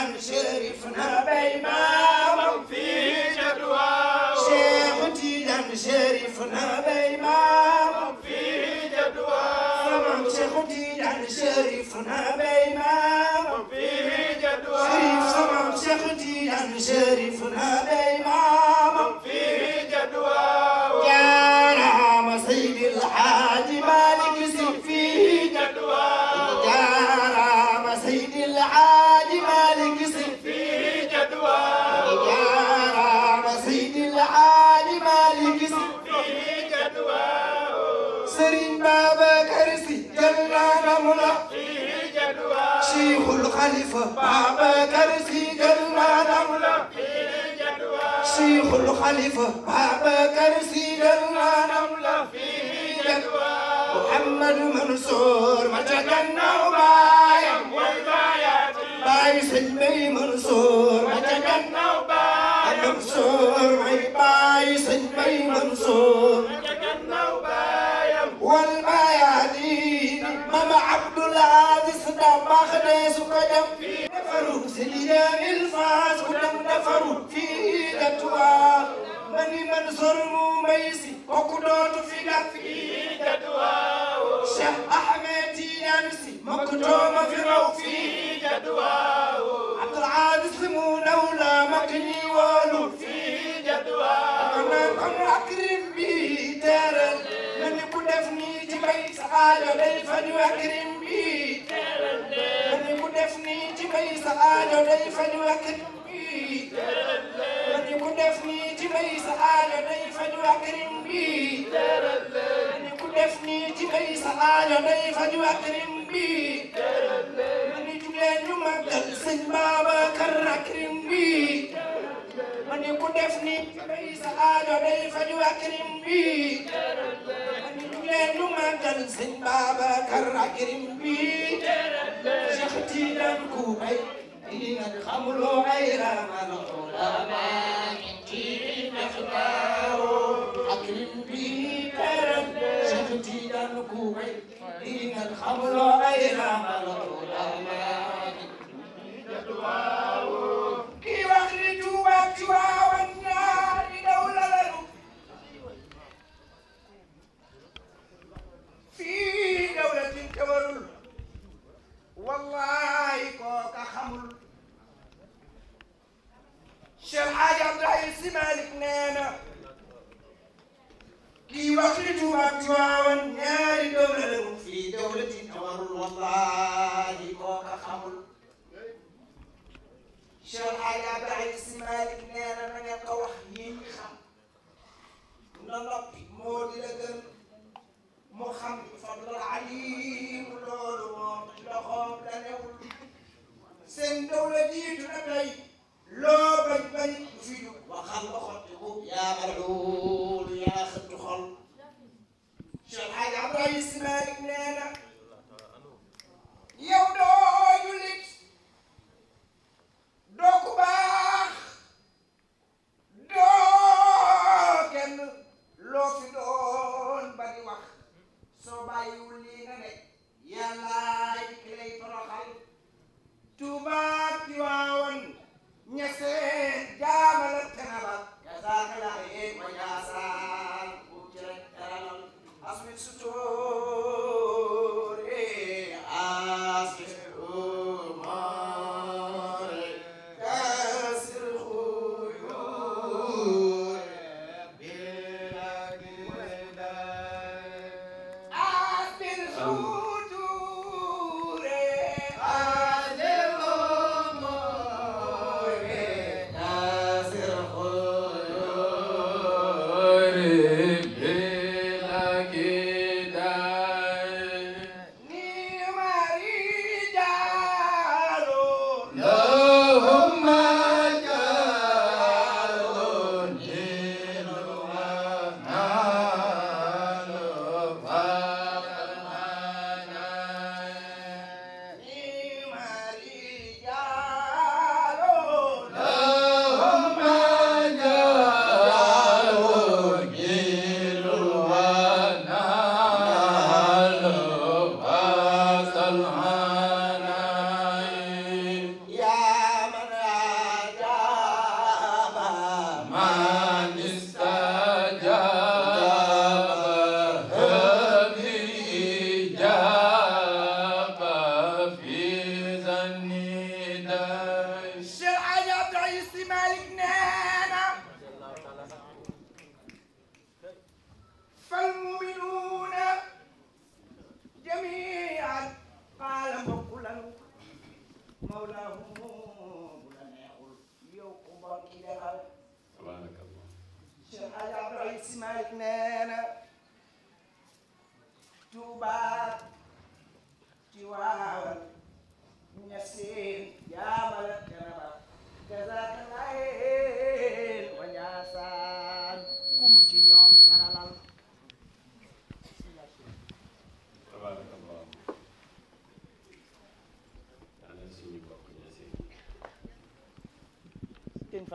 كان شريفنا بإمامه في جدواه شيخ تيجان شريفنا بإمامه في جدواه تمام شيخ تيجان شريفنا بإمامه في جدواه شريف تمام شيخ تيجان شريفنا بإمامه ملا فيه جدوى شيخ الخليفة بابكر سيد المنام لا فيه جدوى شيخ الخليفة بابكر سيد المنام لا فيه جدوى محمد منصور مجدنا وبايم والبايات باي سلمي منصور مجدنا وبايم منصور باي سلمي منصور مجدنا وبايم والبايم mama Abdoul Aziz da baax ne su ko dem defaru si lijaamil da Tuubaa mani man sor mu may si kooku dootu fi gàtt fii da Tuubaa Cheikh Ahmed Tidiane si fi raw fii da Tuubaa Abdoul Aziz mu daw la mag ñi wóolu fii da Tuubaa naan kon akrim bi teeral aajo day faju akrim bi mani ku def nii ci may sa aajo day faju akrim bi ku def nii ci may sa aajo day faju akrim bi mani ku def nii ci may sa aajo day faju akrim bi mani juleen ñu màggal sëñ man ku def nit sa aajo day faju akirim bi man ñu leen lu màggal sëñ Babacar akirim bi Cheikh Tidiane ku bay di nga xamuloo ay ramal xulama ci naxtaawo akirim bi teral Cheikh Tidiane ku bay di nga xamuloo ay ramal xulama waay kooka xamul Cheikh Hadj Abdoulaye Sy Malick nee na kii wax li tubaab bi waawan ñaari doom la lëmu fii dawlatin awarul wallahi kooka xamul Cheikh Hadj Abdoulaye Sy Malick nee na na ngeen ko wax yéen ñi xam na noppi moo di la gën Muhammadul Aliim loolu moom loxoom la newul seen dawla jiitu na tey loo bañ bañ bu fi jug waxal ba xotti ko yaa marul yaa xëttu xol Cheikh Hadj Abdoulaye Sy Malick nee na yow doo jullit doo ku baax doo kenn bàyyiwul lii nga ne yàlla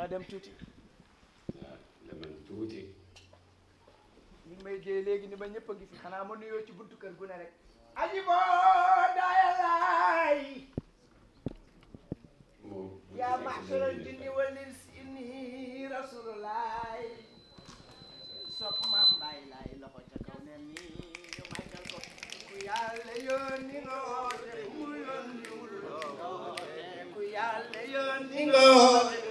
naa dem tuuti. demal may jëyee léegi ni ma ñëpp a ngi fi xanaa ma nuyoo ci buntu kër gu ne rek. aji boo daayalaay. yaa maxsaral jinni wal insi inni rasulullaay. sopp maam bàyyi laay loxo ca wul woote ku yàlla yónni nga woote.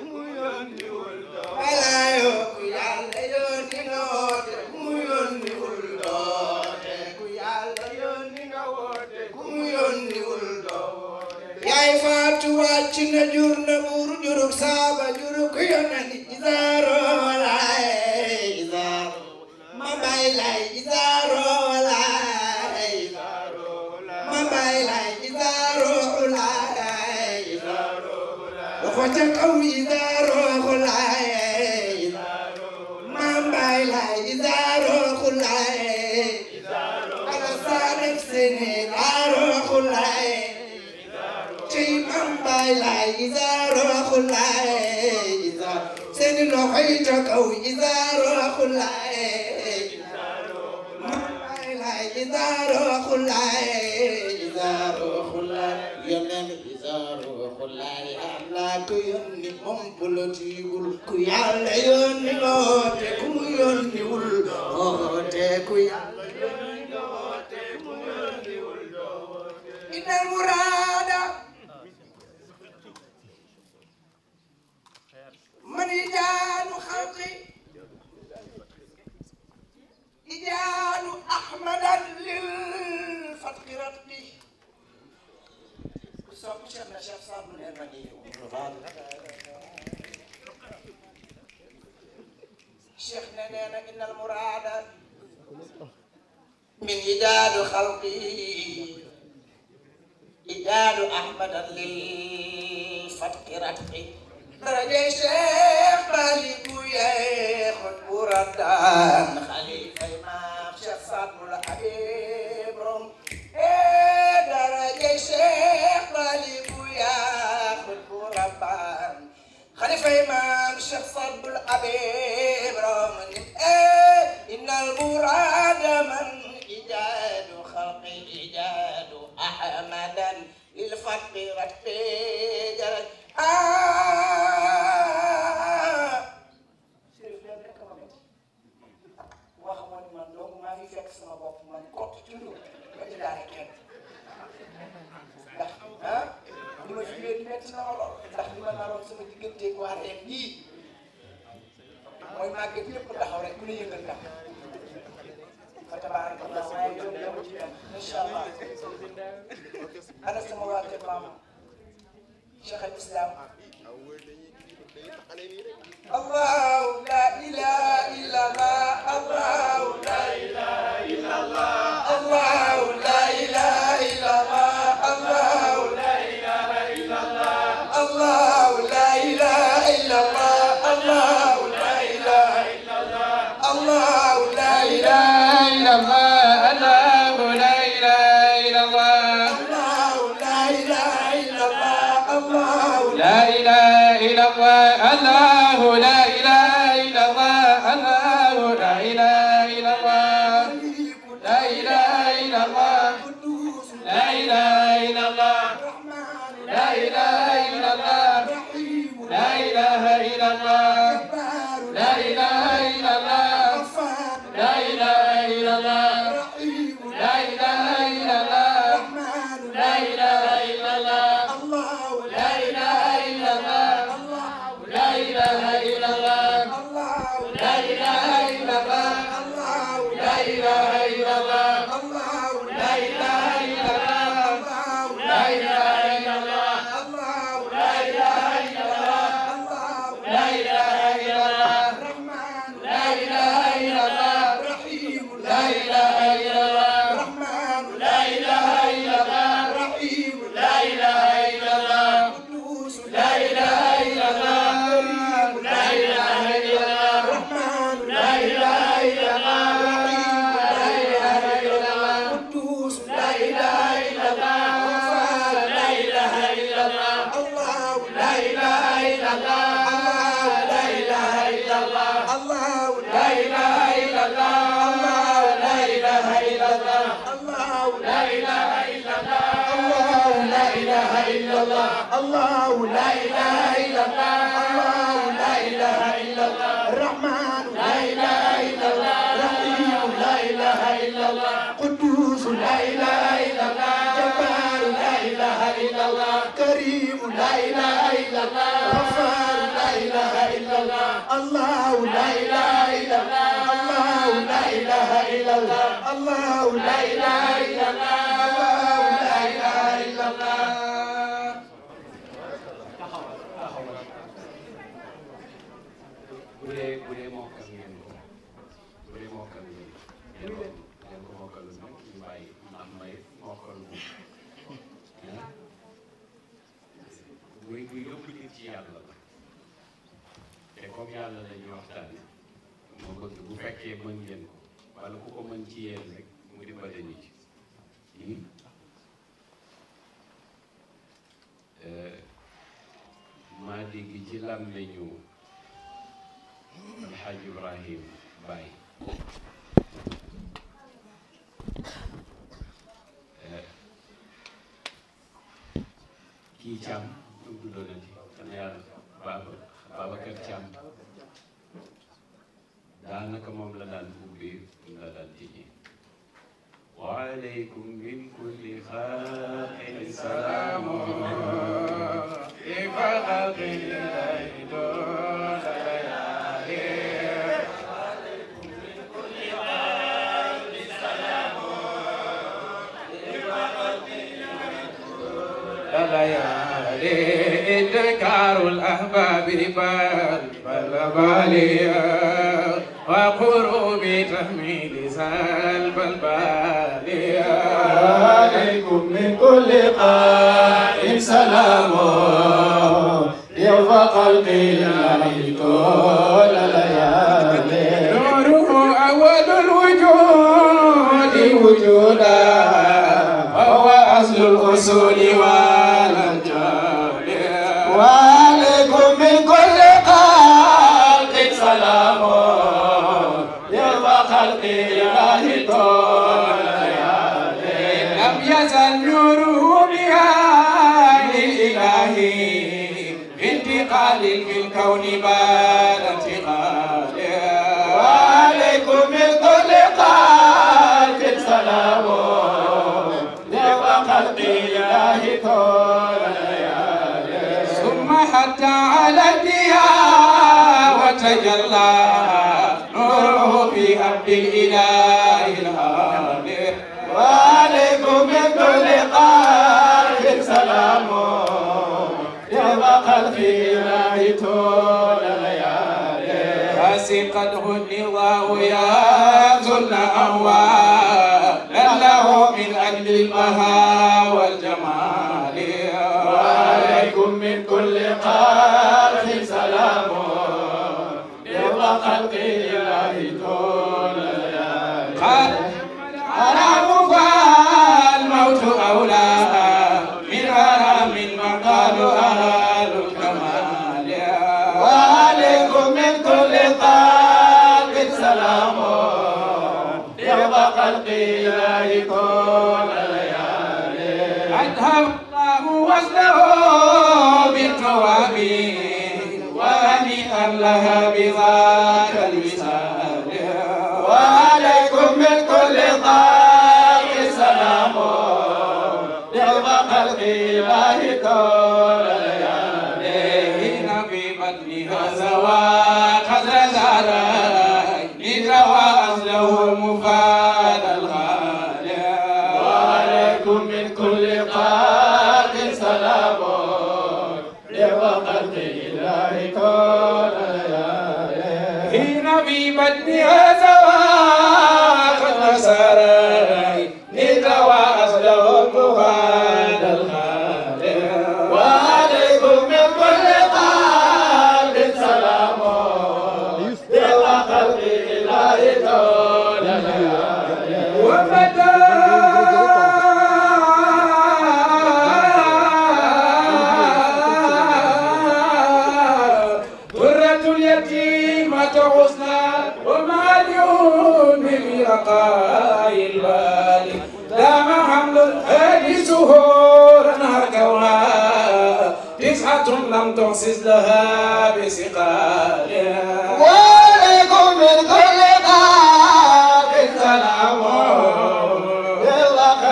ci na jur na buur juruk saaba juruk yonent ñi zaaro من يجعل خلقي ijaanu ahmadan lil fatxi ratqi sopp Cheikh na Cheikh Saad Bou leen ma nii Cheikh ne nee na innal muraada min ijaadu xalqi ijaadu ahmadan lil fatxi ratqi darajay Cheikh Malick bu yee xot bu rabdaan xalifay maam Cheikh Sadou la abee borom ee darajay Cheikh Malick bu yaa xot bu rabdaan xalifay maam Cheikh Sadou la abee borom ee innal muraada man ijaadu xalqi ijaadu ahmadan lil faqi rabbi مولاي لا إله إلا الله الله لا إله إلا الله الله لا إله إلا الله الله لا إله إلا الله الرحمن لا إله إلا الله رحيم لا إله إلا الله قدوس لا إله إلا الله جبار لا إله إلا الله كريم لا إله إلا الله غفار لا إله إلا الله الله لا إله إلا الله te comme yàlla la ñuy waxtaanee moo bëgg bu fekkee mën ngeen ko wala ku ko mën ci yéen rek mu dimbale ñu ci hmm? eh, maa dégg ci làmmeñu alxaaj ibrahim Baye eh, kii Thiam nu mu doonati xanaa yàlla Baba Babacar Thiam daanaka moom la daan ubbee بلده وعليكم من كل خائن سلام إفاق الليل ليالي وعليكم من كل خائن سلام إفاق الليل ليالي إدكار الأحباب بل بل بالي وقروبي تهميل سلب البالي عليكم من كل قائل سلام يوم قلبي كل ليالي نوره أول الوجود وجودا وهو أصل الأصول وعلى البهار بقاء الوالي دام حمل الهادي سهورا هكونا تسعة لم تحسس لها بسقالها وعليكم من كل باب سلام بالله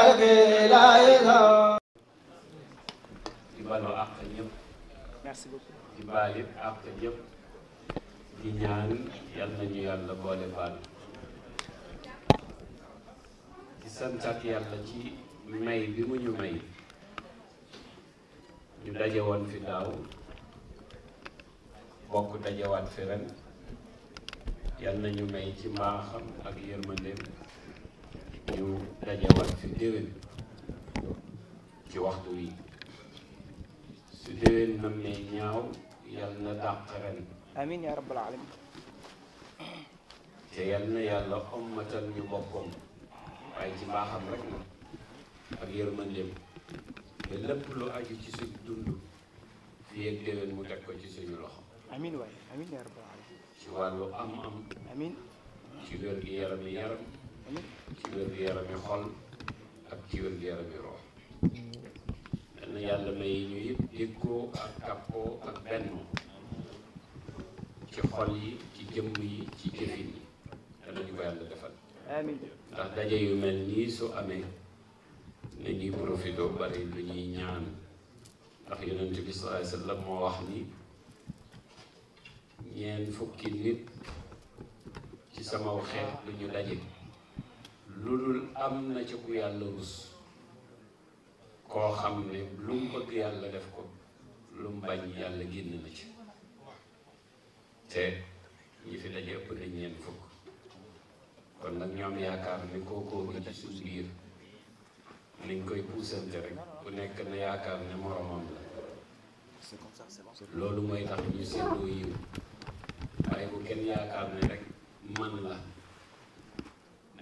لا إله Merci beaucoup. di baal it àq yëpp di ñaan yal nañu yàlla boole baal santaat yàlla ci may bi mu ñu may ñu daje fi daaw bokk dajewaat fi ren yal na ñu may ci mbaaxam ak yërmandeem ñu dajewaat fi déwén ci waxtu wi su déwén nam ne ñaaw yal dàq ren amiin yaa rabbal alamin te yal na yàlla ommatal ñu boppam waaye ci mbaaxam rek na ak yërmandeem te lépp lu aju ci suñ dund fii ak déwén mu teg ko ci suñu loxo ci wàllu am-am ci wér-gi-yaram yaram ci wér-gi-yaram xol ak ci wér-gi-yaram yi roox yàlla may ñu yëpp déggoo ak kàppoo ak benn ci xol yi ci jëmm yi ci jëfin yi danañu ko yàlla defal ndax daje yu mel nii su amee nañuy profité bari lu ñuy ñaan ndax yonent bi sallallahu alayhi moo wax ni ñeen fukki nit ci sama xeet lu ñu daje lu dul am na ci ku yàlla rus koo xam ne lu mu bëgg yàlla def ko lu mu bañ yàlla génn na ci te ñi fi daje ëpp nañ ñeen fukk kon nag ñoom yaakaar ni kookoo gi ci suñu biir niñ koy puusante rek ku nekk na yaakaar ne moromam la loolu mooy tax ñu seetloo yiw waaye bu kenn yaakaar ne rek man la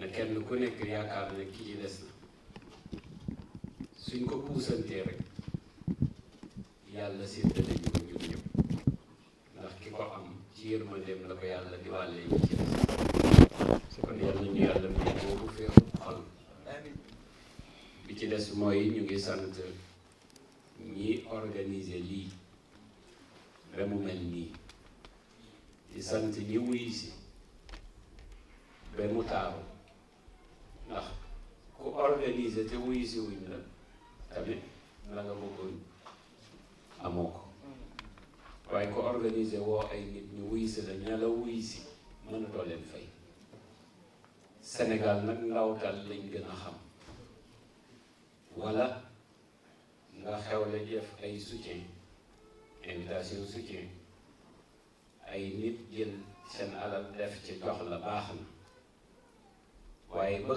ne kenn ku nekk yaakaar ne kii ci des na suñ ko puusantee rek yàlla séddale ñu ko ñun ñëpp ndax ki ko am ci yërmandeem la ko yàlla di wàllee sant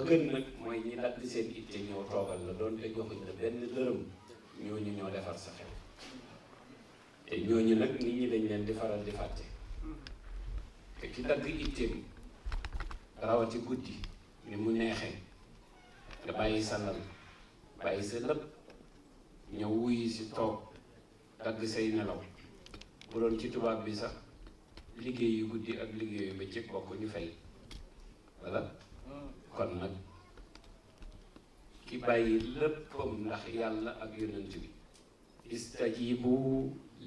gën nag mooy ñi dagg seen itte ñëw toogal na doon te joxuñ la benn dërëm ñooñu ñoo defar sa xel te ñooñu nag nit ñi dañ leen di faral di fàtte te ki dagg itteem rawati guddi ni mu neexee nga bàyyi sa lal bàyyi sa lépp ñëw wuyi si toog dagg say nelaw bu doon ci tubaab bi sax liggéey yu guddi ak liggéey yu bëccëg bokk ñu fay walla kon nag ki bàyyi léppam ndax yàlla ak yonent bi istajibu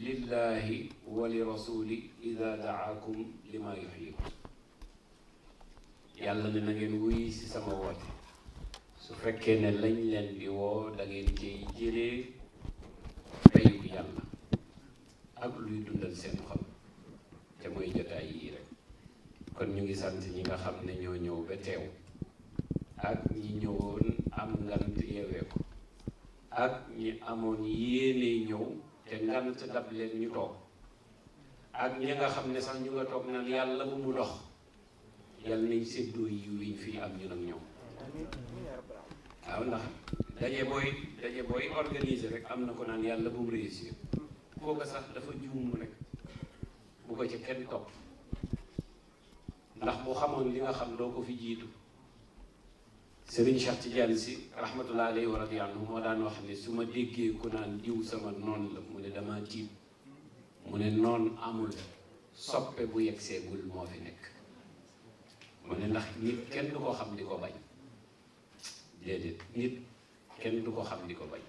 lillahi wa li rasuli ida daakum lima yuxyikum yàlla ne na ngeen wuy ci sama woote su fekkee ne lañ leen di woo da ngeen cay jëlee payu yàlla ak luy dundal seen xol te mooy jotaay yii rek kon ñu ngi sant ñi nga xam ne ñoo ñëw ba teew ak ñi ñëwoon am ngant yeewee ko ak ñi amoon yéene ñëw te ngant dab leen ñu toog ak ñi nga xam ne sax ñu nga toog nag yàlla bu mu dox yàlla nañ séddoo yi fii am ñun ak ñoom waaw ndax daje booy daje booy organiser rek am na ko naan yàlla bu mu réussir sax dafa juum rek bu ko ci kenn topp ndax bu xamoon li nga xam doo ko fi jiitu Serigne Cheikh Tidiane si rahmatullah alayhi wa radiya anhu moo daan wax ne su ma déggee ku naan diw sama noon la mu ne dama tiit mu ne noon amul soppe bu yeggseegul moo fi nekk mu ne ndax nit kenn xam di ko bañ déedéet nit kenn du xam di ko bañ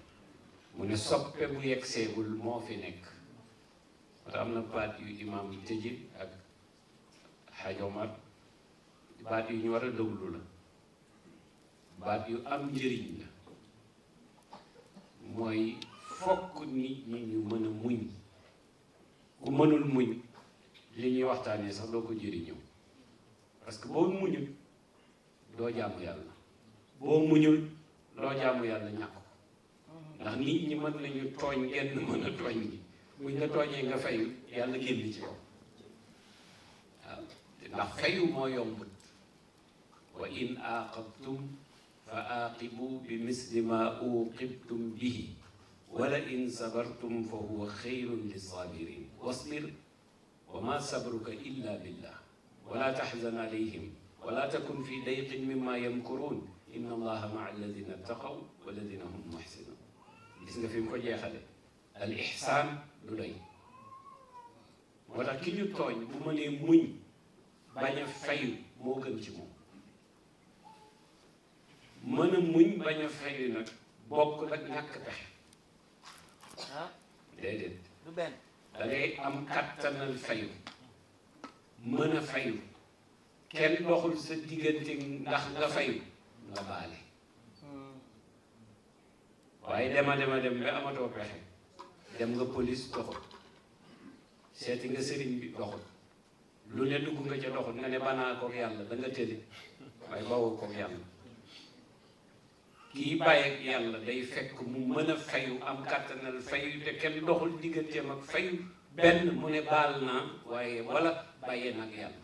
mu ne soppe moo fi nekk moo tax am na baat yu imaam yi tëji ak xaj Omar baat yu ñu war a déglu la baat yu am njëriñ la mooy fokk nit ñi ñu mën a muñ ku mënul muñ li ñuy waxtaanee sax doo ko jëriñoo parce que boo muñul doo jaamu yàlla boo muñul doo jaamu yàlla ñàkk ndax nit ñi mën nañu tooñ genn mën a tooñ gi buñ tooñee nga fayu yàlla génn ci yow ndax fayu moo yombut wa in aaqabtum fa aaqibu bi misli ma uqibtum bihi wala in sabartum fa huwa xayrun lissaabirin wasbir wa ma sabruka illa billah wala taxzan alayhim wala takun fi dayqin mimma yamkurun inna allaha maa alladina taqaw walladina hum muxsinun gis nga fi mu ko jeexale al ixsaan du doy moo tax ki ñu tooñ bu mënee muñ bañ a fayu moo gën ci moom mën a muñ bañ a fayri nag bokk nag ñàkk pexe ah. déedéet du benn am kattanal fayu mën a fayu kenn doxul sa diggante ndax nga fayu nga baale hmm. waaye dema dema dem ba amatoo pexe dem nga police doxul seeti nga sëriñ bi doxul lu ne dugg nga ca doxul nga ne banaa kook yàlla da nga waaye bawoo kook yàlla kii bàyyeek yàlla day fekk mu mën a fayu am kàttanal fayu te kenn doxul digganteem ak fayu benn mu ne baal naa waaye wala bàyyee nag yàlla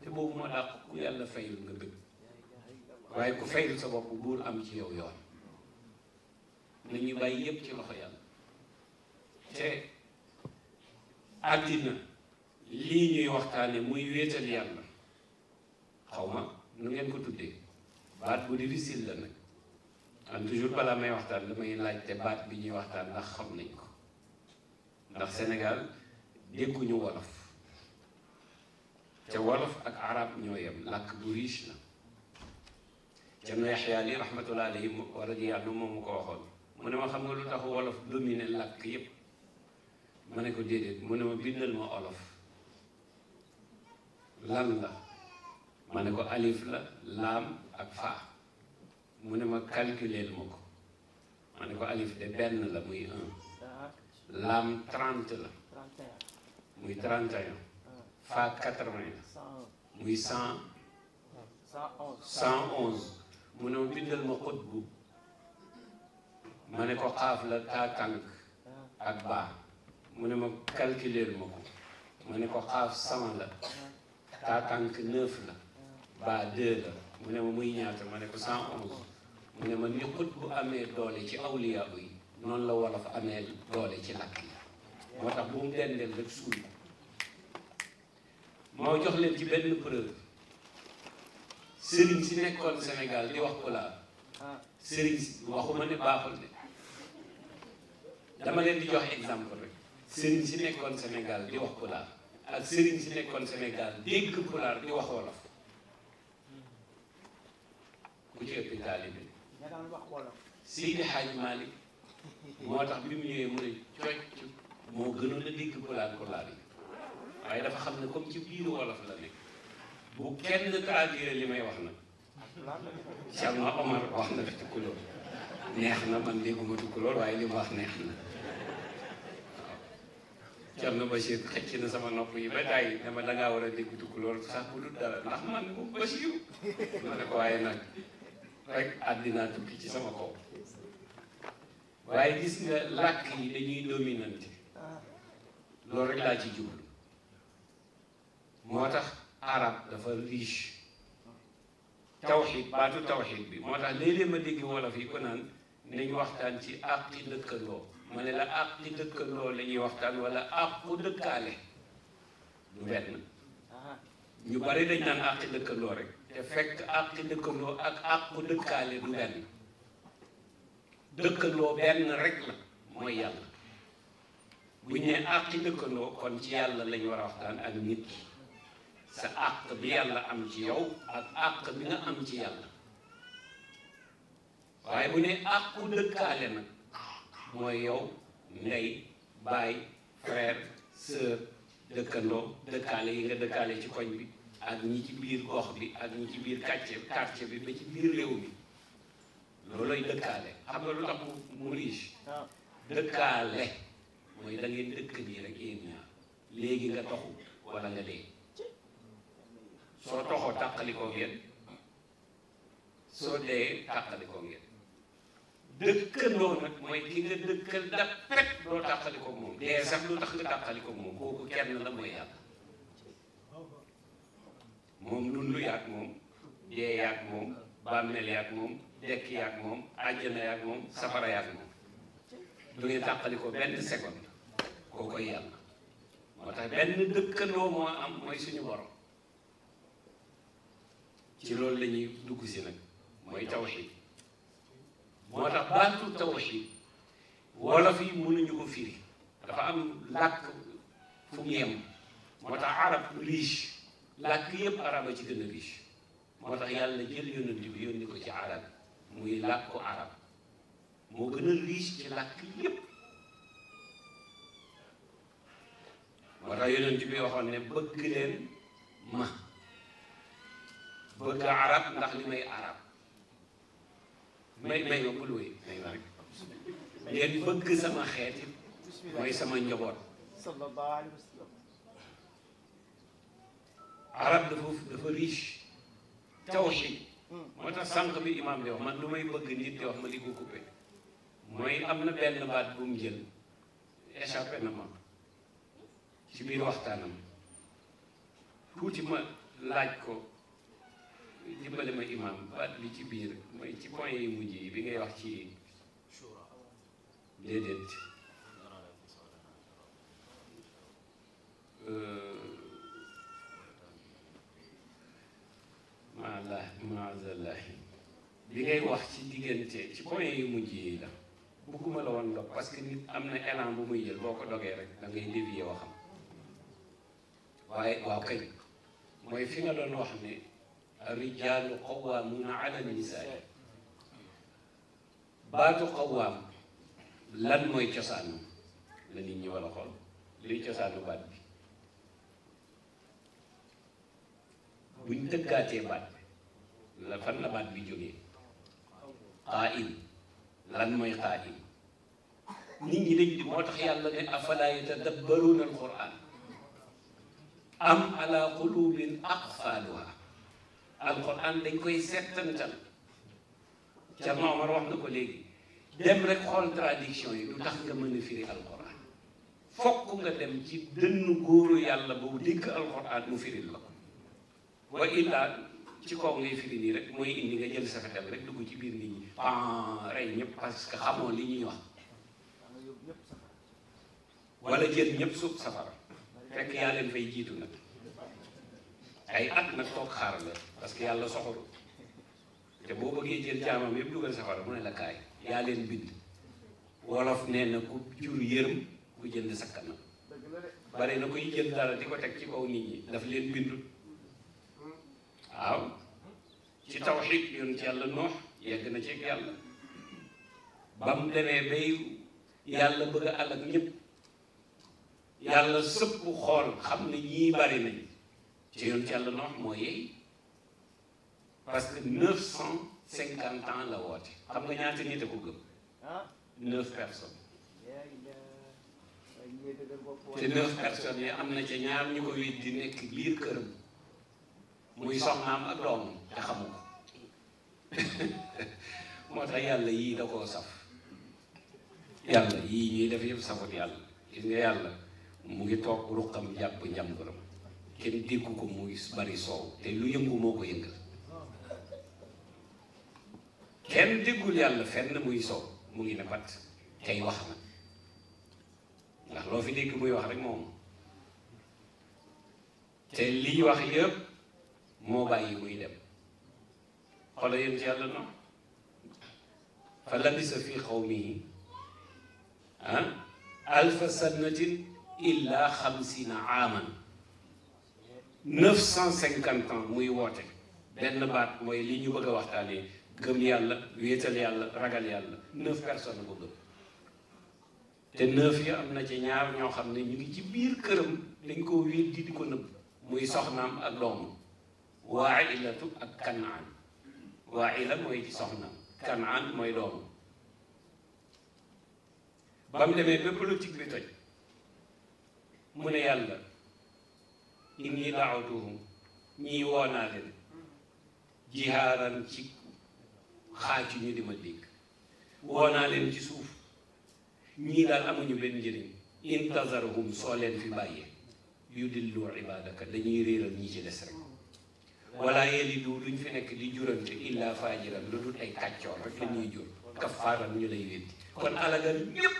te boobu moo dàq ku yàlla fayul nga bëgg waaye ku fayul sa bopp buur am ci yow yoon na ñu bàyyi yépp ci loxo yàlla te àddina lii ñuy waxtaane muy wéetal yàlla xawma ma nu ngeen ko tuddee baat bu difficile la nag man toujours balaa may waxtaan damay laajte baat bi ñuy waxtaan ndax xam nañ ko ndax Sénégal dégguñu wolof ca wolof ak arab ñoo yem làkk bu riche la Cerno Yaxya li rahmatullah alayhi wa radiyallahu ko waxoon mu ne ma xam nga lu tax wolof domine làkk yépp ma ne ko déedéet mu ne ma bindal ma olof lan la ma ne ko alif la laam ak faa mu ne ma calculeel ma ko ma ne ko alif de benn la muy un laam trente la muy trente un faa quatre-vingt la muy cent cent onze mu ne ma bindal ma xot bu ma ne ko xaaf la taa tànk ak baa mu ne ma calculeel ma ko ma ne ko xaaf cent la taa tànk neuf la baa deux la mu ne ma muy ñaata ma ne ko cent onze mu ne ma ni xut bu amee doole ci awliya yi noonu la wolof amee doole ci lakk yi moo tax bu mu dendeel rek suul moo jox leen ci benn preuve sëriñ si nekkoon Sénégal di wax pulaar sëriñ si waxuma ne baaxul de dama leen di jox exemple rek sëriñ si nekkoon Sénégal di wax pulaar ak sëriñ si nekkoon Sénégal dégg pulaar di wax wolof ku ci ëpp taalibe Seydi Hadj Malick moo tax bi mu ñëwee mu ne cocc moo gënoon a dégg pulaar pulaar yi waaye dafa xam ne comme ci biir wolof la nekk bu kenn traduire li may wax nag Cerno Omar wax na fi lool neex na man dégguma tukulóor waaye li wax neex na Cerno Bachir xëcc na sama nopp yi ba tàyyi dama dangaa war a dégg tukulóor sax bu dul dara ndax man bu Bachir ma ne ko waaye nag rek àddinaa tukki ci sama kaw waaye gis nga làkk yi dañuy dominante loolu rek laa ci jublu moo tax arab dafa riche tawxid baatu tawxid bi moo tax léeg-léeg ma dégg wolof yi ko naan nañ waxtaan ci àqi dëkkandoo ma ne la àqi dëkkandoo la ñuy waxtaan wala àqu dëkkaale du benn ah. ñu bari lañ naan àqi dëkkandoo rek te fekk àq dëkkandoo ak àq dëkkaale du benn dëkkandoo benn rek la mooy yàlla bu ñu nee àq dëkkandoo kon ci yàlla lañu war a waxtaan ak nit sa àq bi yàlla am ci yow ak àq bi nga am ci yàlla waaye bu ne àqu dëkkaale nag mooy yow ndey baay frère sœur dëkkandoo dëkkaale yi nga dëkkaale ci koñ bi ak ñi ci biir gox bi ak ñi ci biir quartier quartier bi ba ci biir réew mi loolooy dëkkaale xam nga lu tax mu riche dëkkaale mooy da ngeen dëkk nii rek yéen ñaar léegi nga toxu wala nga dee soo toxoo tàqalikoo ngeen soo dee tàqalikoo ngeen dëkkandoo nag mooy ki nga dëkkal da pet doo tàqalikoo moom dee sax lu tax nga moom kooku kenn la mooy yàlla moom dund yaag moom dee yaag moom bàmmeel yaag moom dekk yaag moom àjjana yaag moom safara yaag moom du tàqali ko benn seconde koo koy yàlla moo tax benn dëkkandoo moo am mooy suñu borom ci loolu lañuy ñuy dugg si nag mooy tawxid moo tax baatu tawxid wolof yi mënuñu ko firi dafa am làkk fu mu moo tax arab riche làkk yëpp arab a ci gën a riche moo tax yàlla jël yonent bi yónni ko ci arab muy làkk ko arab moo gën a riche ci làkk yëpp moo tax yonent bi waxoon ne bëgg leen ma bëgg arab ndax li may arab may may ma bul wéy may ma rek bëgg sama xeet mooy sama njaboot arab dafa dafa riche tawxiid hmm. moo tax sànq bi imaam di wax man lu may bëgg nit di wax ma li ko mooy am na benn baat bu jël échappé na ma ci biir waxtaanam tuuti ma laaj ko dimbale ma imaam baat bi ci biir mooy ci point yi mujj yi bi ngay wax ci déedéet euh, maasallahi li ngay wax ci diggante ci point yu mujj yi la bëgguma la woon dog parce que nit am na élan bu muy jël boo ko dogee rek da ngay dévier waxam waaye waaw kay mooy fi nga doon wax ne rijaalu qawwaamuuna ala nisaa baatu qawwaam lan mooy cosaanu la nit ñi war a luy cosaanu baat bi buñ tëggaatee baat la fan la baat bi jógee qaa'im lan mooy qaa'im nit ñi dañ di moo tax yàlla ne afalaa yatadabbaruuna alquran am ala qulubin aqfaaluha alquran dañ koy settantal Thierno Omar wax na ko léegi dem rek xool yi du tax nga mën a firi alquran fokk nga dem ci dënn góoru yàlla boobu dégg alquran mu firil la ko wa illaa ci kaw ngay firi nii rek mooy indi nga jël sa rek dugg ci biir nit ñi pan rey ñëpp parce que xamoo li ñuy wax wala jël ñëpp suuf safara fekk yaa leen fay jiitu nag ay at nag toog xaar la parce que yàlla soxoru te boo bëggee jël jaamam yëpp dugal safara mu ne la kaay yaa leen bind wolof nee na ku jur yërëm ku jënd sa sakkanam bari na koy jël dara di ko teg ci kaw nit ñi daf leen bindu waaw ci tawxiid yoon ci yàlla noox yegg na ci yàlla ba mu demee bay yàlla bëgg a àll yàlla sëpp xool xam ne ñii bari nañ ci yoon ci yàlla noox mooy yey parce que neuf cent cinquante ans la woote xam nga ñaata nit a ko gëm ah. neuf personnes te neuf personnes yi am na ca ñaar ñu ko weddi nekk biir kër muy soxnaam ak doomam te xamu moo tax yàlla yii da koo saf yàlla yii ñuy def yëpp safut yàlla gis nga yàlla mu ngi toog ruqam jàpp njàmburam kenn déggu muy bari soow lu yëngu moo ko kenn déggul yàlla fenn muy soow mu ngi ne bat tey wax na ndax loo fi dégg muy wax rek moom te liy wax yëpp moo bàyyi muy dem xoola yéen ci yàlla noonu fa labisa fi xawmihi ah alfa sannatin illa xamsina aaman neuf cent cinquante ans muy woote benn baat mooy li ñu bëgg a waxtaanee gëm yàlla wéetal yàlla ragal yàlla neuf personnes ko gëm te neuf ya am na ci ñaar ñoo xam ne ñu ngi ci biir këram dañ koo wéet di di ko nëbb muy soxnaam ak doomam waailatu ak kanaan waa waaila mooy ci soxna kanaan mooy doom ba mu demee ba politique bi toj mu ne yàlla inni daawtuhum ñii woo naa leen jihaaran ci xaaju ñu di ma dégg woo naa leen ci suuf ñii daal amuñu benn njëriñ intazarhum soo leen fi bàyyee yudillu ibadaka dañuy réeral ñi ci des rek wala yelidu duñ fi nekk di jurante illa faajiran lu dul ay kàccoor rek la ñuy jur kafaaran ñu lay weddi kon alagal yëpp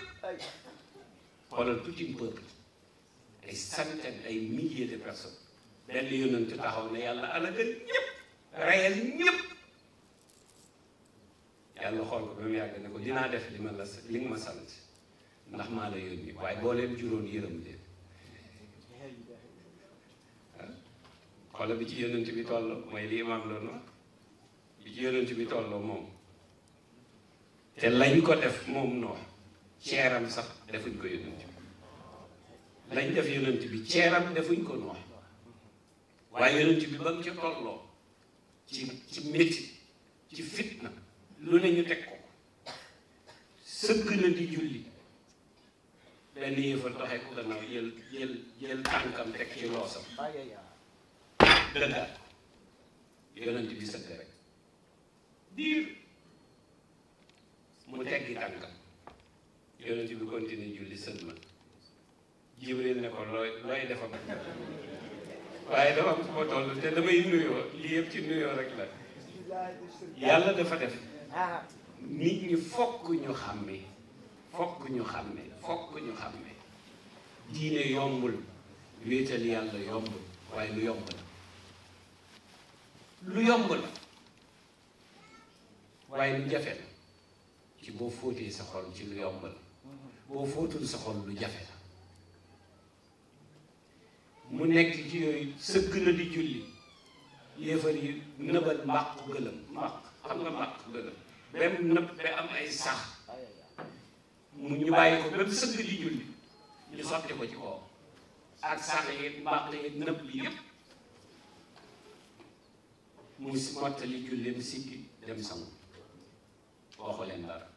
xoolal tout un ay centaines ay milliers de personnes benn yonent taxaw ne yàlla alagal ñëpp reyal ñëpp yàlla xool ko ba mu yàgg ne ko dinaa def li ma la li nga ma sant ndax maa la yónni waaye boo leen juróon yërëm leen xoola bi ci yonent bi toll mooy li imaam la no bi ci yonent bi tolloo moom te lañ ko def moom noo ceeram sax defuñ ko yonent bi lañ def yonent bi ceeram defuñ ko noo waaye yonent bi ba mu ci tolloo ci ci ci fitna lu ne ñu teg ko sëgg na di julli benn yëfal doxee ko gannaaw jël jël jël tànkam teg ci loosam dëggaat yonent bi sëgg rek diir mu teggi tànkam yonent bi continue julli sëg ma jibril ne ko looy looy defam waaye dafa am ko toll te damay nuyoo lii yëpp ci nuyoo rek la yàlla dafa def nit ñi fokk ñu xàmme fokk ñu xàmme fokk ñu xàmme diine yombul wéetal yàlla yombul waaye lu yomb la lu yomb la waaye lu jafe la ci boo fóotee sa xol ci lu yomb la boo fóotul sa xol lu jafe la mu nekk ci yooyu sëgg na li julli yéefar yi nëbal mbàq gëlëm mbàq xam nga mbàq gëlëm ba nëb ba am ay sax mu ñu bàyyi ko ba sëgg di julli ñu sotti ko ci kaw ak sax yi mbàq nëb bi muy mottali julleem siggi dem sangu waxu dara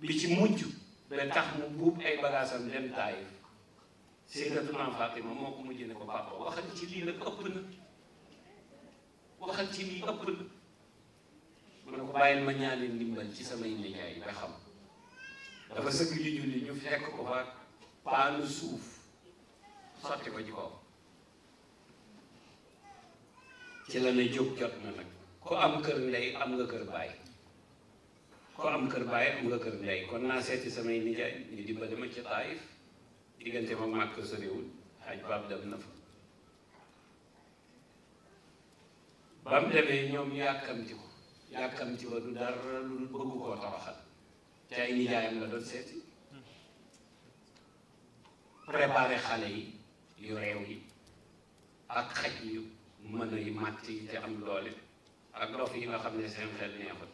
bi ci mujj ba tax mu buub ay bagaasam dem taayif Seydatuna Fatima moo ko mujj ne ko papa waxal ci lii nag ëpp na waxal ci lii ëpp na mu ne ko bàyyil ma ñaane ndimbal ci samay nijaay ba xam dafa sëgg julli ñu fekk ko fa paanu suuf sotti ko ci kaw ci la ne jóg jot na nag ku am kër ndey am nga kër baay ku am kër baay am nga kër ndey kon naa seeti samay nijaay ñu di ba dama ci taayif diggante ma màkk soriwul xaaj baab dem na fa ba mu ñoom yàkkamti ko yàkkamti ba du dara lu bëgg koo tabaxal te ay nijaayam la doon seeti préparé xale yi yu réew yi ak xaj yu mën yi màtt yi te am doole ak dof yi nga xam ne seen xel neexut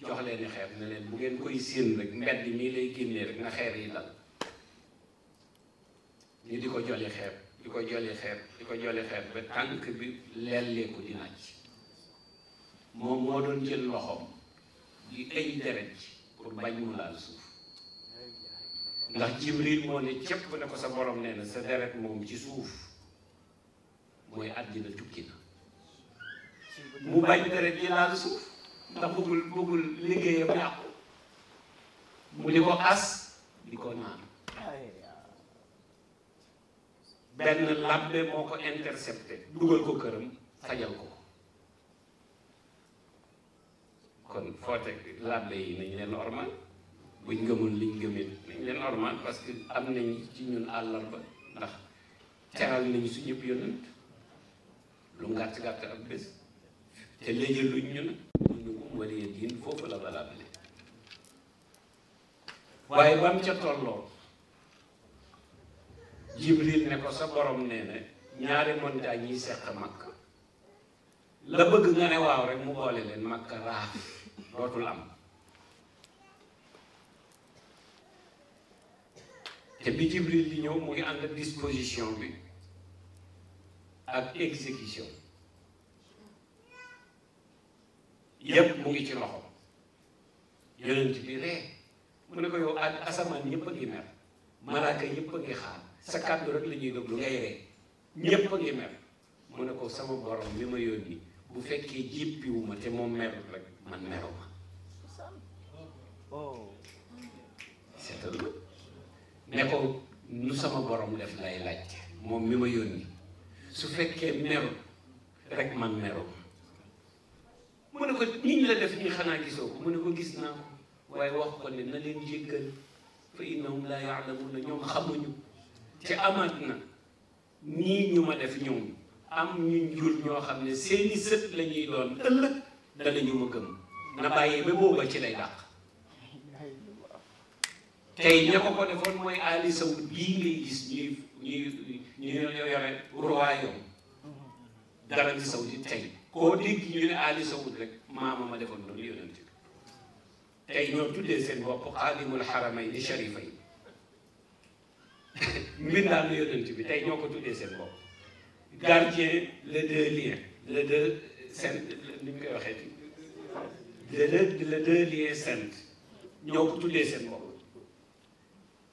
jox leen i xeer ne leen bu ngeen koy séen rek mbedd mii lay génnee rek xeer yi dal ñu di ko joli xeer di ko joli xeer di ko joli xeer ba tànk bi leelleeku di nàcc moom moo doon jël loxoom di ay deret ci pour bañ mu laal suuf ndax jibril moo ne cëpp ne ko sa borom nee na sa deret moom ci suuf mooy àddina tukki na mu bañ deret yi laal suuf ndax bëggul bëggul liggéeyam yàqu mu di ko as ko naan benn làbbe moo ko intercepté dugal ko këram fajal ko kon foote teg làbbe yi nañ leen ormal buñ gëmoon liñ gëmit nañ leen ormal parce que am nañ ci ñun àllarba ndax teral nañ suñu yëpp yonent lu mu gàtt gàtt ak bés ca tolloo jibril ne sa borom nee na ñaari montagne seq makk la bëgg nga rek mu boole leen makk te bi jibril di ñëw mu ngi ànd disposition bi ak exécution yépp mu ngi ci loxo yonent bi ree mu ne ko yow asamaan ñëpp a ngi mer malaaka yëpp a ngi xaar sa kàddu rek la ñuy déglu ngay ree ñëpp ngi mer mu ne ko sama borom mi ma yónni bu fekkee jéppiwuma te moom merul rek man meruma seetal ne ko nu sama borom def lay laaj moom mi ma yónni su fekkee meru rek man meru mu ne ko niñ la def ñi xanaa gisoo ko mu ne ko gis na ko waaye wax ko ne na leen jéggal fa innahum laa yaalamuuna ñoom xamuñu te amaat na nii ñu ma def ñoom am ñu jur ñoo xam ne seeni sët lañuy ñuy doon ëllëg ñu ma gëm na bàyyee ba booba ci lay dàq tey ña ko ko defoon mooy ali saw bii gis ñuy ñuy ñu ne ñoo yore royaume d'Arabie Saoudite tey koo dégg ñu ne Ali Saoud rek maama ma defoon loolu yonent bi tey ñoo tuddee seen bopp xaadimul xaramayni sharifayni mbindaanu yonent bi tey ñoo ko tuddee seen bopp gardien les deux liens les deux saints ñu koy waxee les deux les deux liens saints ñoo ko tuddee seen bopp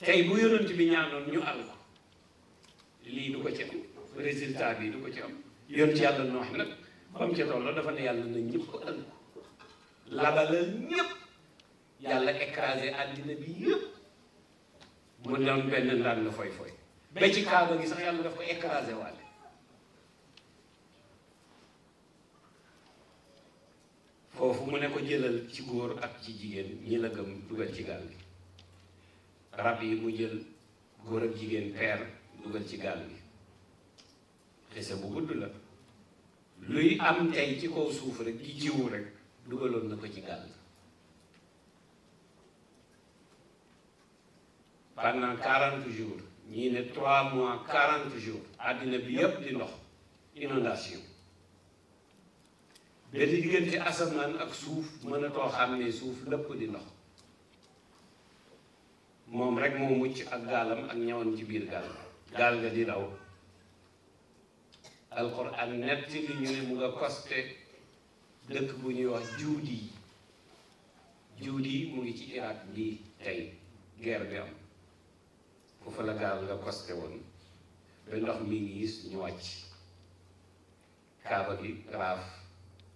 tey bu yonent bi ñaanoon ñu àll ko lii du ko ci am résultat bi du ko ci am yoon ci yàlla noox nag bam ca tolloo dafa ne yàlla na ñëpp ëll labalal ñëpp yàlla écrasé àddina bi yëpp mu ci kaaba gi yàlla daf ko écrasé foofu mu ne ko jëlal ci góor ak ci jigéen ñi la gëm dugal ci gaal gi rab yi mu jël góor ak jigéen peer dugal ci gaal gi xese bu gudd la luy am tey ci kaw suuf rek di jiwu rek dugaloon na ko ci gaal gi pendant quarante jours ñii ne trois mois quarante jours àddina bi yëpp di ndox inondation benn ci asamaan ak suuf mën a too xam ne suuf lépp di ndox moom rek moo mucc ak gaalam ak ñawoon ci biir gaalam gaal nga di daw alquran nett li ñu ne mu nga koste dëkk bu ñuy wax juudi juudi mu ngi ci Irak bii tey guerre bi am foofu la gaal nga koste woon ba ndox mi ngi gis ñu wàcc kaaba gi raaf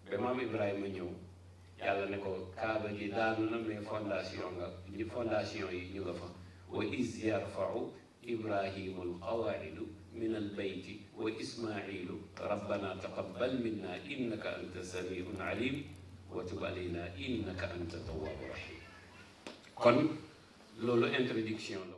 ba maam Ibrahima ñëw yàlla ne ko kaaba gi daanu na mais fondation nga fondation yi ñu nga fa wa is yarfau ibrahimul qawaaidu min albayti wa ismailu rabbana taqabbal minna innaka anta samiun alim wa tub alayna innaka anta tawwabu rahim kon loolu introduction la